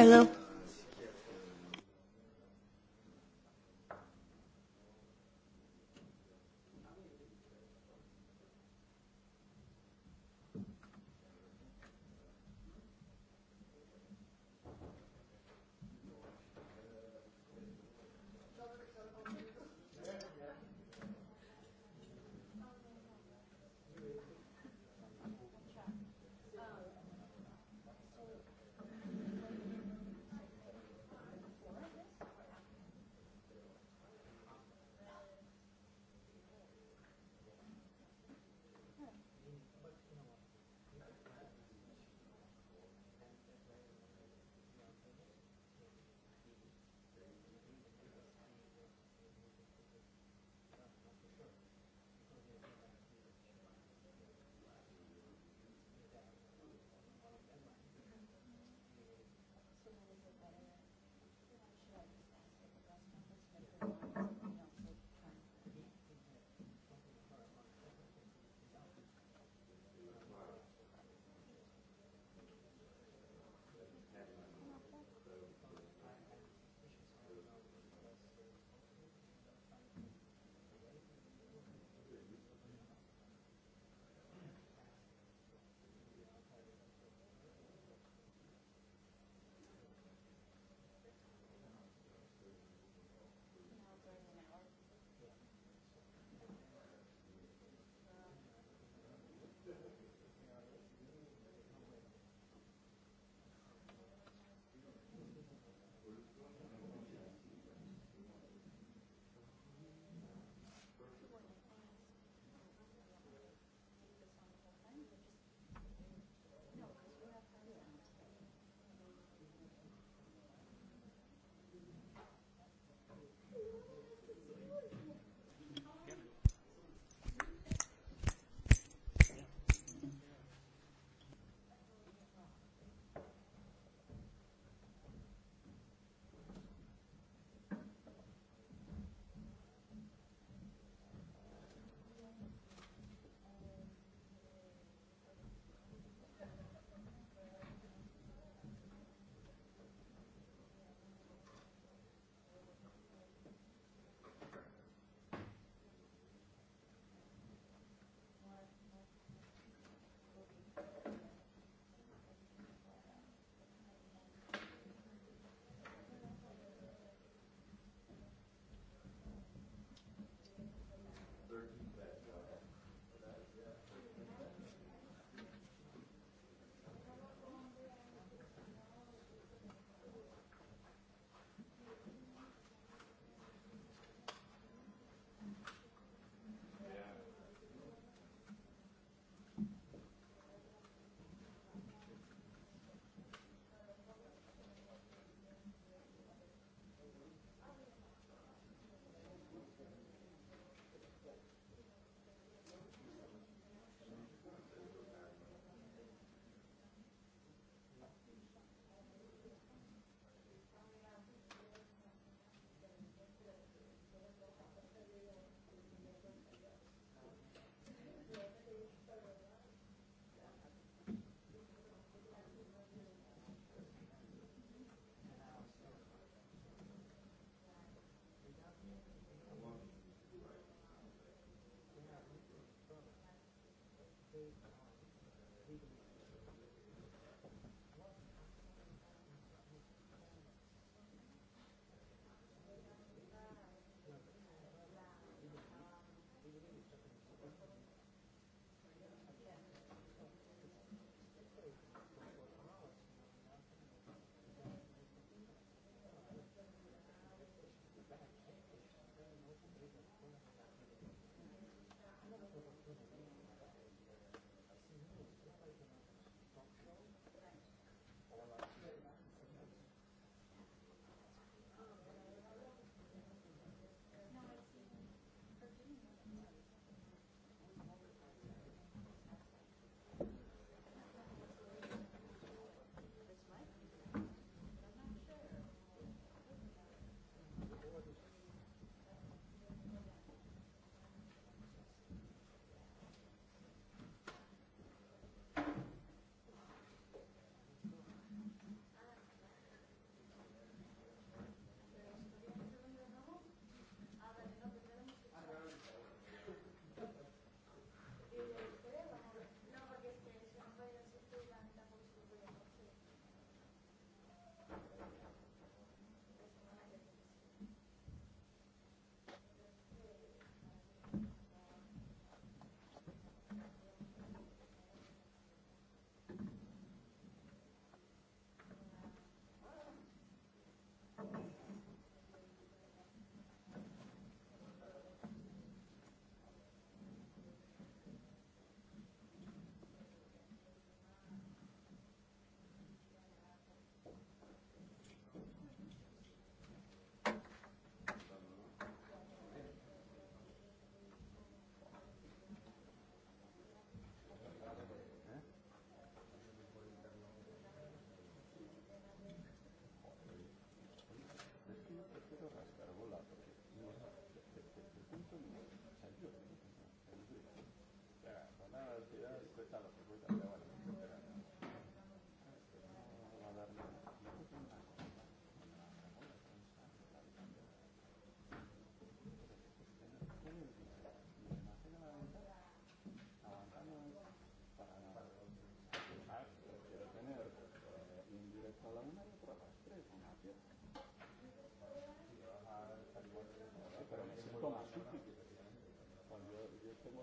Hello.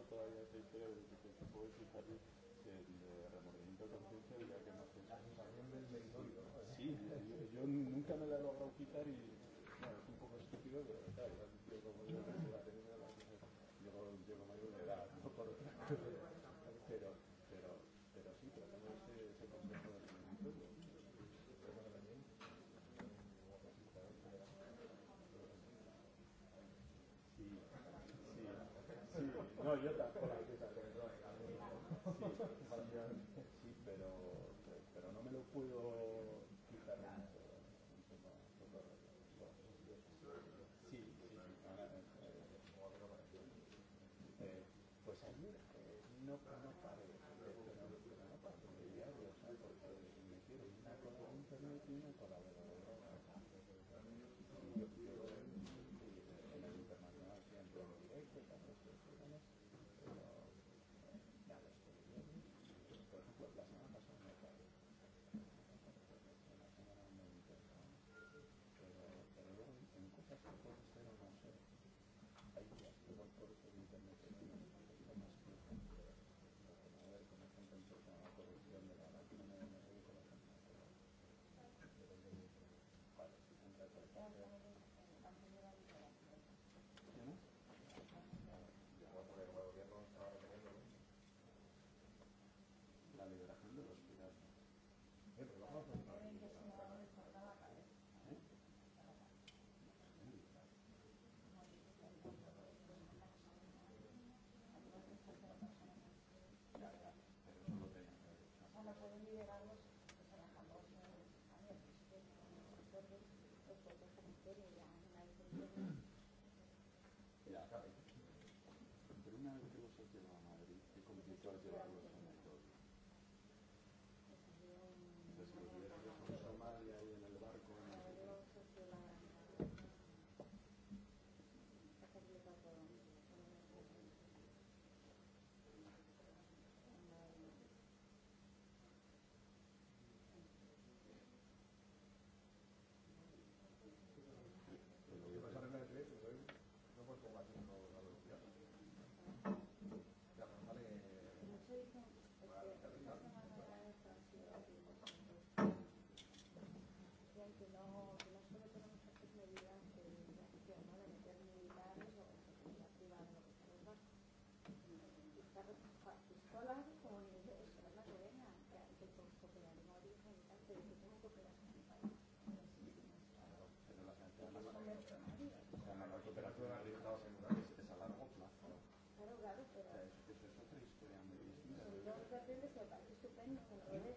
todavía se quiere que se puede quitar el remordimiento de conciencia dirá que no se Sí, yo, yo nunca me la he logrado quitar y bueno, es un poco estúpido, pero claro, yo como yo, yo como mayor de Yo no por otra cosa. no, no paro de pero no, pero no paro de diario, o sea, porque me quiero una con internet y una colaboradora. Thank you.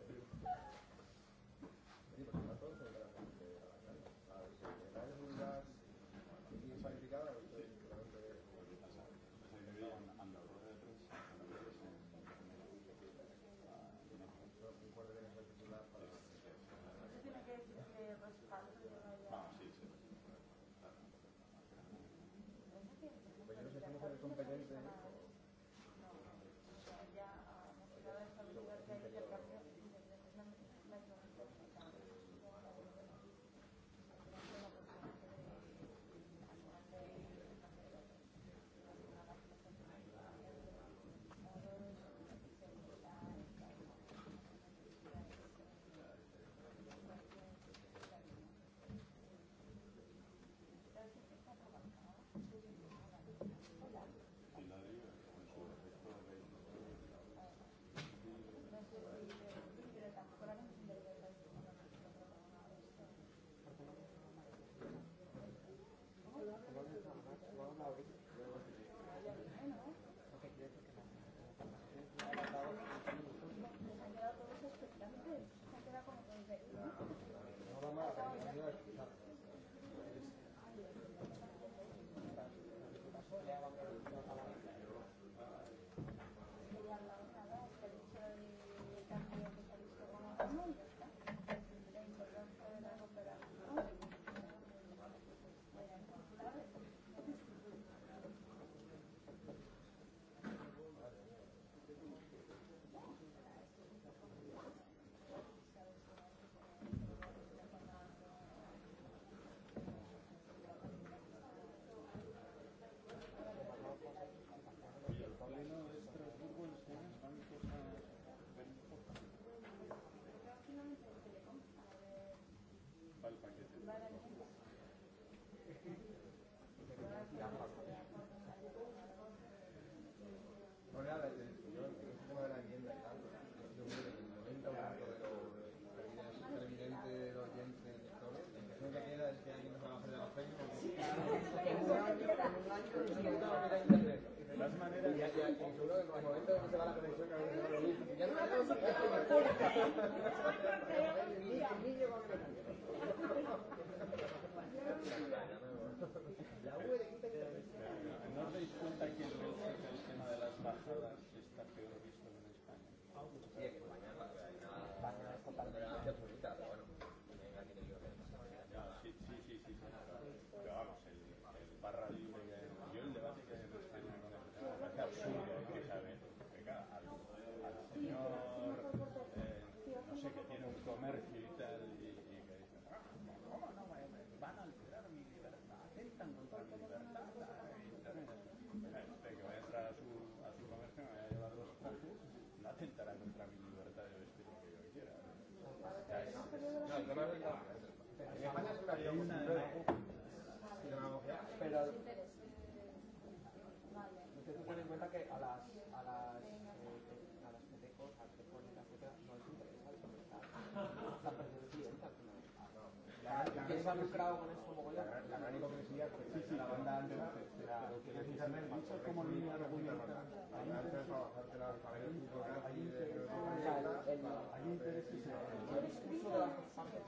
Ya, ya, ya, seguro que en los momentos no se va la conexión. Ya no la conexión. ha lucrado con esto mogollón. La gran hipocresía es que sí, sí, la banda antes era precisamente dicho como el niño de orgullo. Hay intereses hay intereses en el discurso de las partes.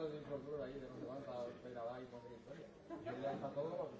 datos de infraestructura ahí de Juan para Peravá y con historia. Y le deja todo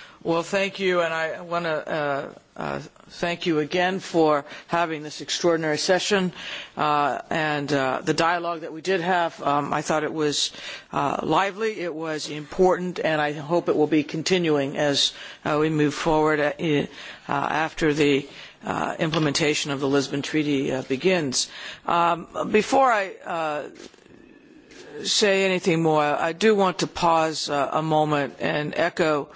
Well, thank you, and I want to uh, uh, thank you again for having this extraordinary session uh, and uh, the dialogue that we did have. Um, I thought it was uh, lively, it was important, and I hope it will be continuing as uh, we move forward after the implementation of the Lisbon Treaty begins. Um, before I say anything more, I do want to pause a moment and echo uh,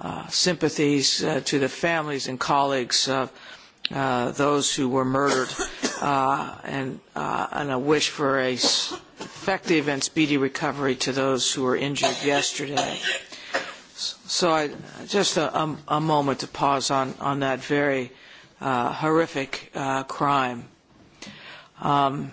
uh, sympathies uh, to the families and colleagues of uh, those who were murdered uh, and, uh, and a wish for a effective and speedy recovery to those who were injured yesterday. So I, just a, a, um, a moment to pause on, on that very uh, horrific uh, crime. Um,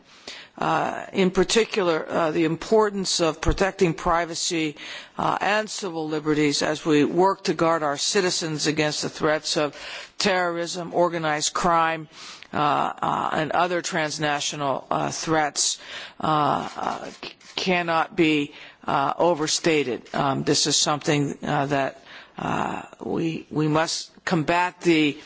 Uh, in particular uh, the importance of protecting privacy uh, and civil liberties as we work to guard our citizens against the threats of terrorism, organised crime, uh, uh, and other transnational threats cannot be overstated. Um, this is something that we, we must combat the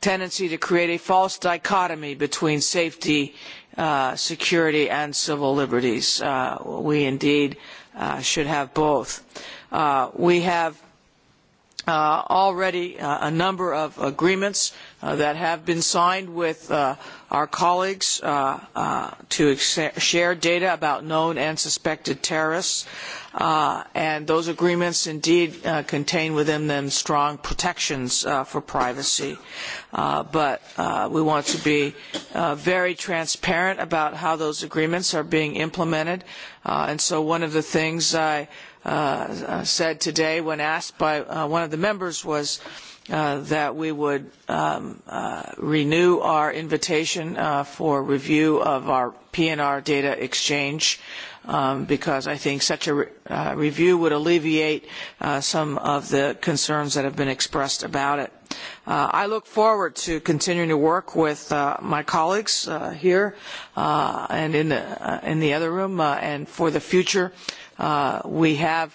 tendency to create a false dichotomy between safety and uh, security and civil liberties. Uh, we indeed uh, should have both. Uh, we have uh, already uh, a number of agreements uh, Uh, that have been signed with uh, our colleagues uh, to share data about known and suspected terrorists. and those agreements indeed contain within them strong protections for privacy. but we want to be very transparent about how those agreements are being implemented. and so one of the things I said today when asked by one of the members was, uh, Uh, that we would um, uh, renew our invitation uh, for review of our PNR data exchange um, because I think such a re uh, review would alleviate uh, some of the concerns that have been expressed about it. Uh, I look forward to continuing to work with my colleagues here and in the, in the other room and for the future. we have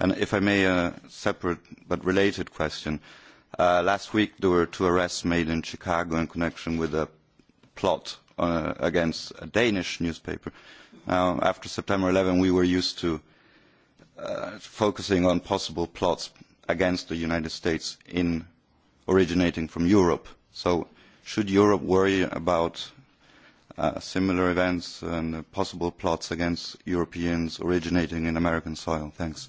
And if I may, a separate but related question. Uh, last week there were two arrests made in Chicago in connection with a plot uh, against a Danish newspaper. Now, after September eleven we were used to uh, focusing on possible plots against the United States in originating from Europe. So should Europe worry about uh, similar events and possible plots against Europeans originating in American soil? Thanks.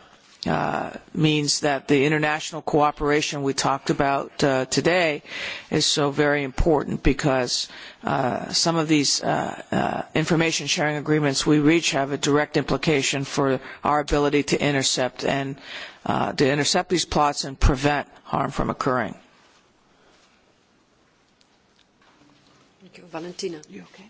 Uh, means that the international cooperation we talked about uh, today is so very important because uh, some of these uh, uh, information sharing agreements we reach have a direct implication for our ability to intercept and uh, to intercept these plots and prevent harm from occurring. Valentina. You Okay.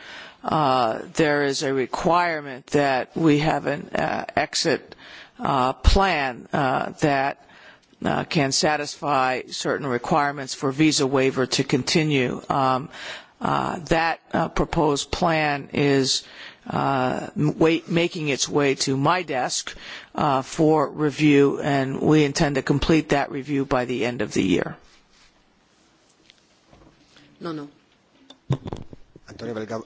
Uh, there is a requirement that we have an uh, exit uh, plan uh, that uh, can satisfy certain requirements for visa waiver to continue. Um, uh, that proposed plan is wait, making its way to my desk for review, and we intend to complete that review by the end of the year. No, no. Antonio Belgado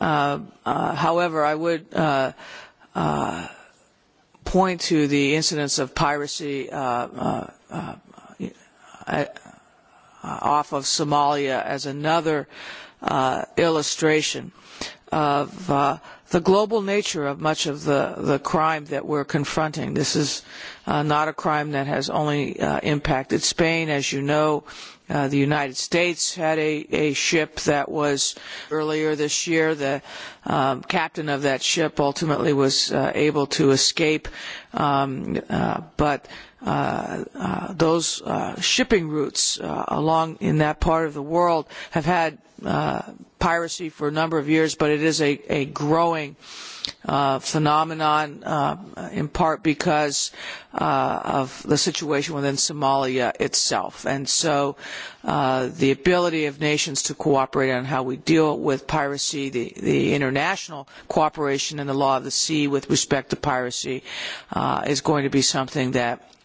Uh, uh, however, I would uh, point to the incidence of piracy off of Somalia as another illustration of the global nature of much of the, the crime that we're confronting. This is uh, not a crime that has only uh, impacted Spain. As you know, uh, the United States had a, a ship that was earlier this year. The um, captain of that ship ultimately was uh, able to escape. Um, uh, but uh, uh, those uh, shipping routes uh, along in that part of the world have had uh, piracy for a number of years, but it is a, a growing uh, phenomenon, uh, in part because uh, of the situation within Somalia itself. And so uh, the ability of nations to cooperate on how we deal with piracy, the, the international cooperation in the law of the sea with respect to piracy uh, is going to be something that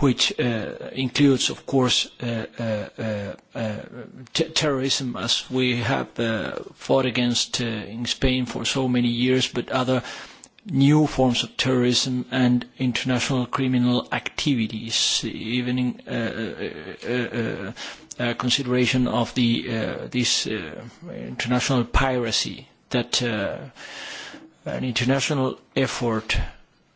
which uh, includes, of course, uh, uh, uh, uh terrorism, as we have uh, fought against in Spain for so many years, but other new forms of terrorism and international criminal activities, even in consideration of the, this international piracy that an international effort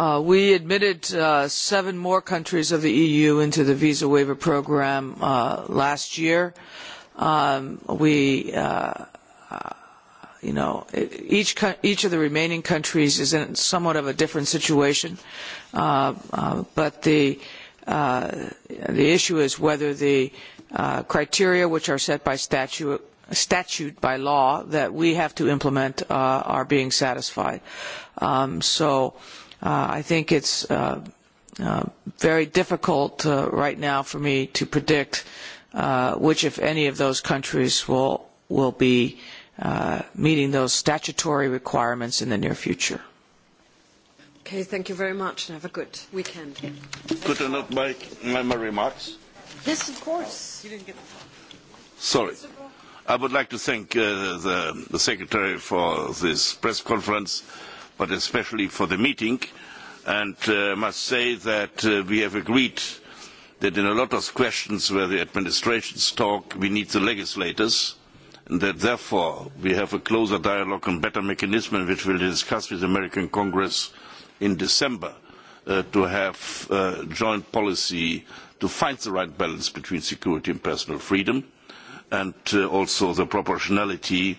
Uh, we admitted uh, seven more countries of the EU into the visa waiver program uh, last year. Um, we, uh, uh, you know, e, each, each of the remaining countries is in somewhat of a different situation, uh, but the, the issue is whether the criteria which are set by statute statute by law that we have to implement are being satisfied. Um, so Uh I think it's uh uh very difficult uh right now for me to predict uh which, if any, of those countries will will be uh meeting those statutory requirements in the near future. Okay, thank you very much, and have a good weekend. Could I not make my, remarks? Yes, of course. You didn't get Sorry. I would like to thank uh, the, the Secretary for this press conference but especially for the meeting. And I uh, must say that uh, we have agreed that in a lot of questions where the administrations talk, we need the legislators, and that therefore we have a closer dialogue and better mechanism which we will discuss with the American Congress in December uh, to have a uh, joint policy to find the right balance between security and personal freedom and uh, also the proportionality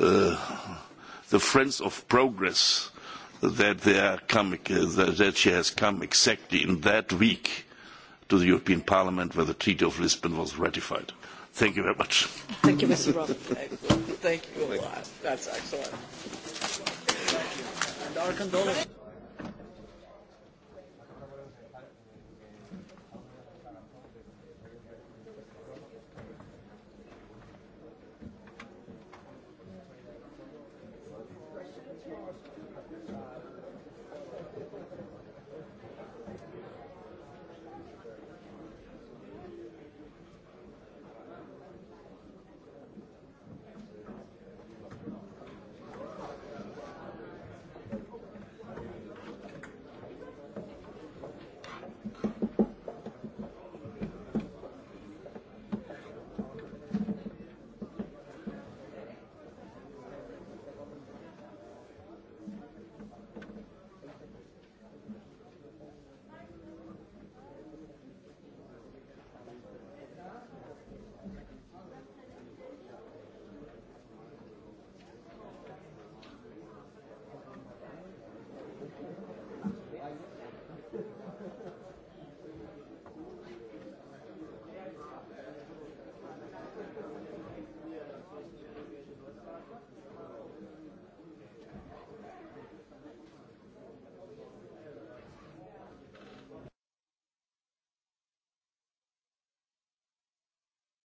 Uh, the friends of progress that they are coming, uh, that she has come exactly in that week to the European Parliament where the Treaty of Lisbon was ratified. Thank you very much. Thank you, Mr. Roth. Thank you a lot. That's excellent. And our condolences.